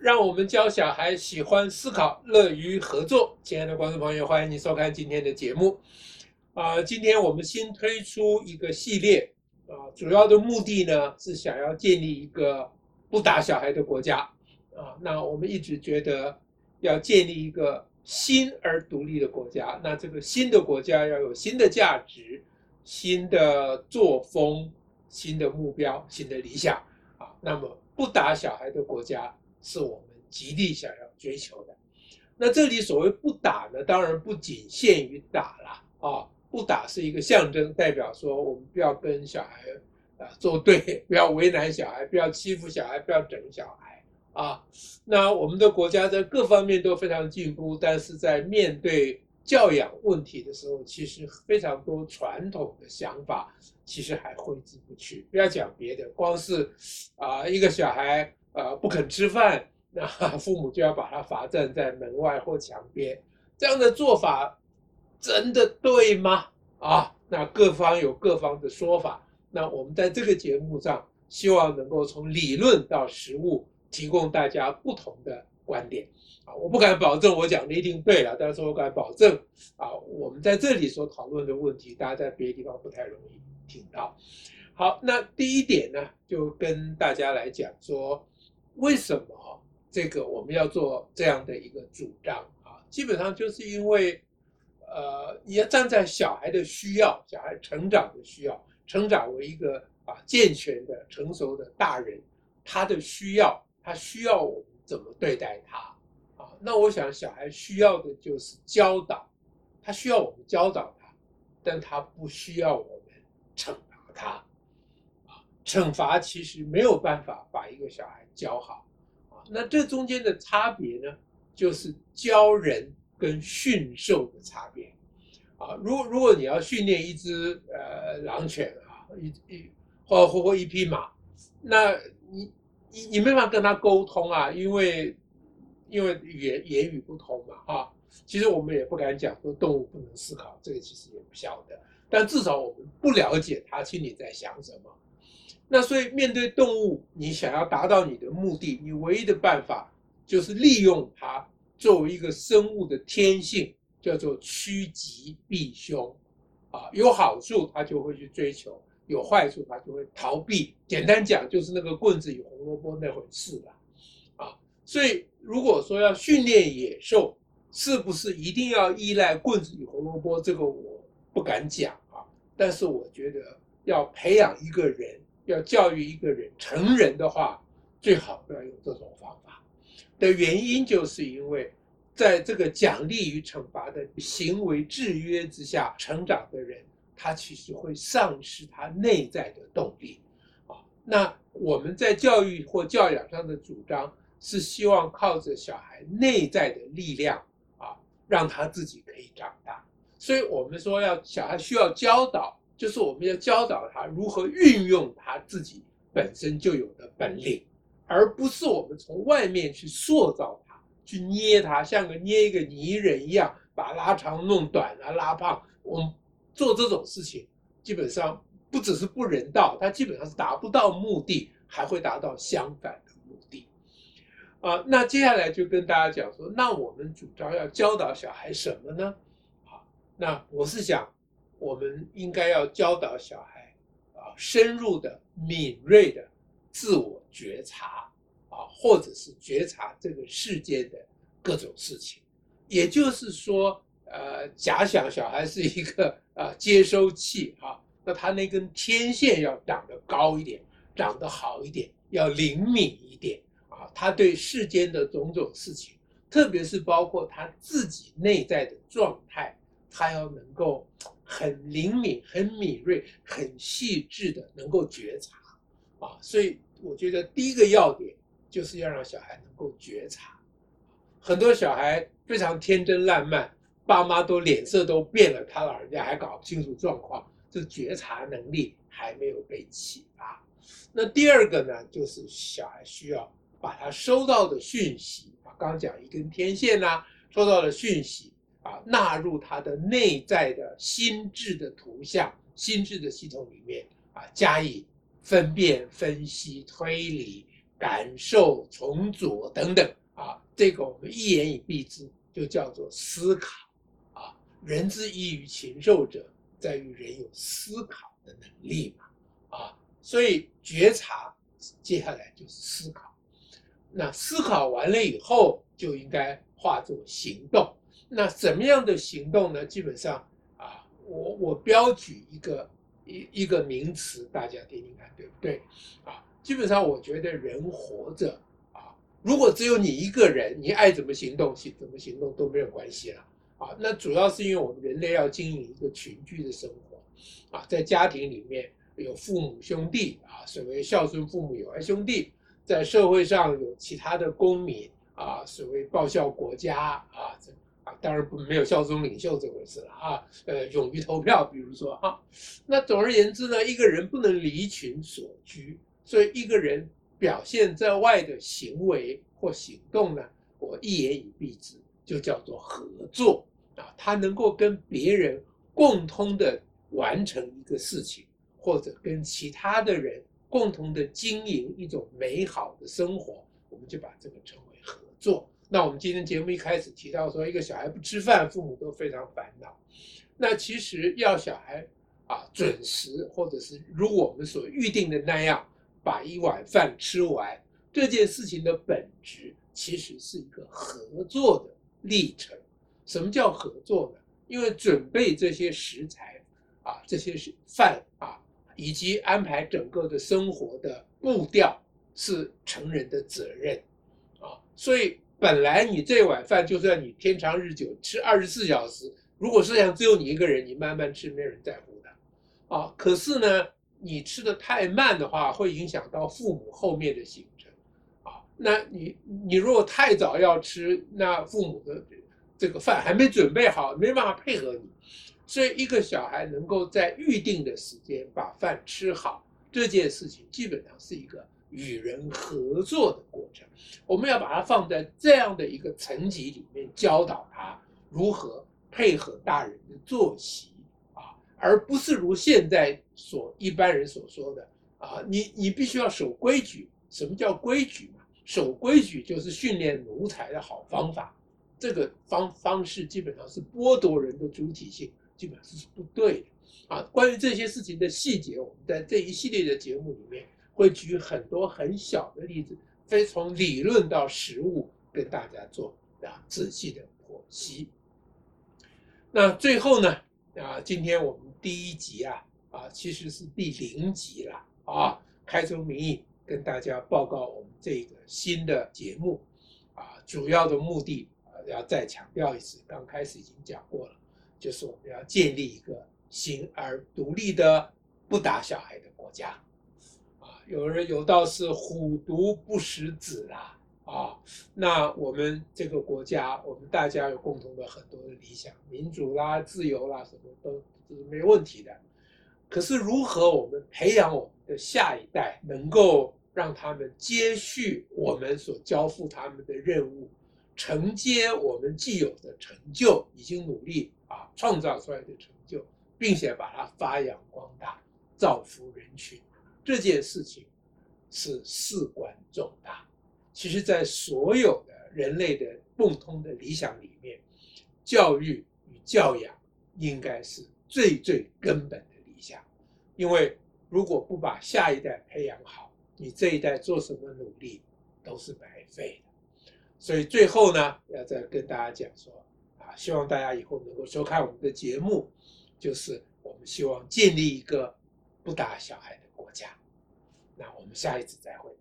讓我們教小孩喜歡思考，樂於合作。親愛的觀眾朋友，歡迎你收看今天的節目。啊，今天我們新推出一個系列，啊，主要的目的呢，是想要建立一個不打小孩的國家。啊，那我們一直覺得要建立一個新而獨立的國家，那這個新的國家要有新的價值、新的作風、新的目標、新的理想。啊，那麼不打小孩的國家。是我們極力想要追求的。那這裡所謂不打呢，當然不僅限於打了啊，不打是一個象徵，代表說我們不要跟小孩啊作對，不要為難小孩，不要欺負小孩，不要整小孩啊。那我們的國家在各方面都非常進步，但是在面對教養問題的時候，其實非常多傳統的想法其實還揮之不去。不要講別的，光是啊一個小孩。啊、呃，不肯吃飯，那父母就要把他罰站在門外或牆邊。這樣的做法真的對嗎？啊，那各方有各方的說法。那我們在這個節目上，希望能夠從理論到實務，提供大家不同的觀點。啊，我不敢保證我講的一定對了，但是我敢保證啊，我們在這裡所討論的問題，大家在別的地方不太容易聽到。好，那第一點呢，就跟大家來講說。為什麼這個我們要做這樣的一個主張啊？基本上就是因為，呃，你要站在小孩的需要，小孩成長的需要，成長為一個啊健全的、成熟的大人，他的需要，他需要我們怎麼對待他啊？那我想，小孩需要的就是教導，他需要我們教導他，但他不需要我們懲罰他。懲罰其實沒有辦法把一個小孩教好，啊，那這中間的差別呢，就是教人跟馴獸的差別，啊，如果如果你要訓練一隻呃狼犬啊，一一或或或一匹馬，那你你你沒辦法跟他溝通啊，因為因為語言言語不通嘛，哈，其實我們也不敢講說動物不能思考，這個其實也不曉得，但至少我們不了解他心裡在想什麼。那所以面對動物，你想要達到你的目的，你唯一的辦法就是利用它作為一個生物的天性，叫做趨吉避凶，啊，有好處它就會去追求，有壞處它就會逃避。簡單講就是那個棍子與胡蘿蔔那回事了，啊，所以如果說要訓練野獸，是不是一定要依賴棍子與胡蘿蔔？這個我不敢講啊，但是我覺得要培養一個人。要教育一個人成人的話，最好不要用這種方法。的原因就是因為，在這個獎勵與懲罰的行為制約之下成長的人，他其實會喪失他內在的動力。啊，那我們在教育或教養上的主張是希望靠着小孩內在的力量啊，讓他自己可以長大。所以我們說要，要小孩需要教導。就是我們要教導他如何運用他自己本身就有的本領，而不是我們從外面去塑造他、去捏他，像個捏一個泥人一樣，把拉長、弄短啊、拉胖。我們做這種事情，基本上不只是不人道，他基本上是達不到目的，還會達到相反的目的。啊，那接下來就跟大家講說，那我們主張要教導小孩什麼呢？好，那我是想。我們應該要教導小孩啊，深入的、敏銳的自我覺察啊，或者是覺察這個世界的各種事情。也就是說，呃，假想小孩是一個啊接收器啊，那他那根天線要長得高一點，長得好一點，要靈敏一點啊。他對世間的種種事情，特別是包括他自己內在的狀態，他要能夠。很靈敏、很敏銳、很細緻的，能夠覺察啊，所以我覺得第一個要點就是要讓小孩能夠覺察。很多小孩非常天真爛漫，爸媽都臉色都變了，他老人家還搞不清楚狀況，這覺察能力還沒有被啟發。那第二個呢，就是小孩需要把他收到的訊息，剛講一根天線吶、啊，收到的訊息。啊，納入他的內在的心智的圖像、心智的系統裡面啊，加以分辨、分析、推理、感受、重組等等啊，這個我們一言以蔽之，就叫做思考啊。人之異於禽獸者，在於人有思考的能力嘛啊，所以覺察，接下來就是思考。那思考完了以後，就應該化作行動。那什麼樣的行動呢？基本上啊，我我標舉一個一一個名詞，大家聽聽看，對不對？啊，基本上我覺得人活着啊，如果只有你一個人，你愛怎麼行動，行怎麼行動都沒有關係了啊。那主要是因為我們人類要經營一個群居的生活啊，在家庭裡面有父母兄弟啊，所謂孝順父母、友愛兄弟；在社會上有其他的公民啊，所謂報效國家啊這。當然不沒有效忠領袖這回事了啊，呃，勇於投票，比如說啊，那總而言之呢，一個人不能離群索居，所以一個人表現在外的行為或行動呢，我一言以蔽之，就叫做合作啊，他能夠跟別人共同的完成一個事情，或者跟其他的人共同的經營一種美好的生活，我們就把這個稱為合作。那我們今天節目一開始提到說，一個小孩不吃飯，父母都非常煩惱。那其實要小孩啊準時，或者是如我們所預定的那樣把一碗飯吃完，這件事情的本質其實是一個合作的歷程。什麼叫合作呢？因為準備這些食材啊，這些是飯啊，以及安排整個的生活的步調是成人的責任啊，所以。本來你這碗飯，就算你天長日久吃二十四小時，如果世界上只有你一個人，你慢慢吃，沒人在乎的，啊、哦，可是呢，你吃得太慢的話，會影響到父母後面的行程，啊、哦，那你你如果太早要吃，那父母的這個飯還沒準備好，沒辦法配合你，所以一個小孩能夠在預定的時間把飯吃好，這件事情基本上是一個與人合作的過程。我們要把它放在這樣的一個層級裡面教導他如何配合大人的作息啊，而不是如現在所一般人所說的啊，你你必須要守規矩。什麼叫規矩嘛？守規矩就是訓練奴才的好方法。這個方方式基本上是剝奪人的主體性，基本上是不對的啊。關於這些事情的細節，我們在這一系列的節目裡面會舉很多很小的例子。所以從理論到實務跟大家做啊仔細的剖析。那最後呢，啊，今天我們第一集啊，啊其實是第零集了啊，開宗明義跟大家報告我們這個新的節目啊，主要的目的啊，要再強調一次，剛開始已經講過了，就是我們要建立一個新而獨立的不打小孩的國家。有人有道是“虎毒不食子”啦，啊、哦，那我們這個國家，我們大家有共同的很多的理想，民主啦、自由啦，什麼都這是沒問題的。可是，如何我們培養我們的下一代，能夠讓他們接續我們所交付他們的任務，承接我們既有的成就，已經努力啊創造出來的成就，並且把它發揚光大，造福人群。這件事情是事關重大。其實，在所有的人類的共通的理想裡面，教育與教養應該是最最根本的理想。因為如果不把下一代培養好，你這一代做什麼努力都是白費的，所以最後呢，要再跟大家講說啊，希望大家以後能夠收看我們的節目，就是我們希望建立一個不打小孩的國家。那我們下一次再會。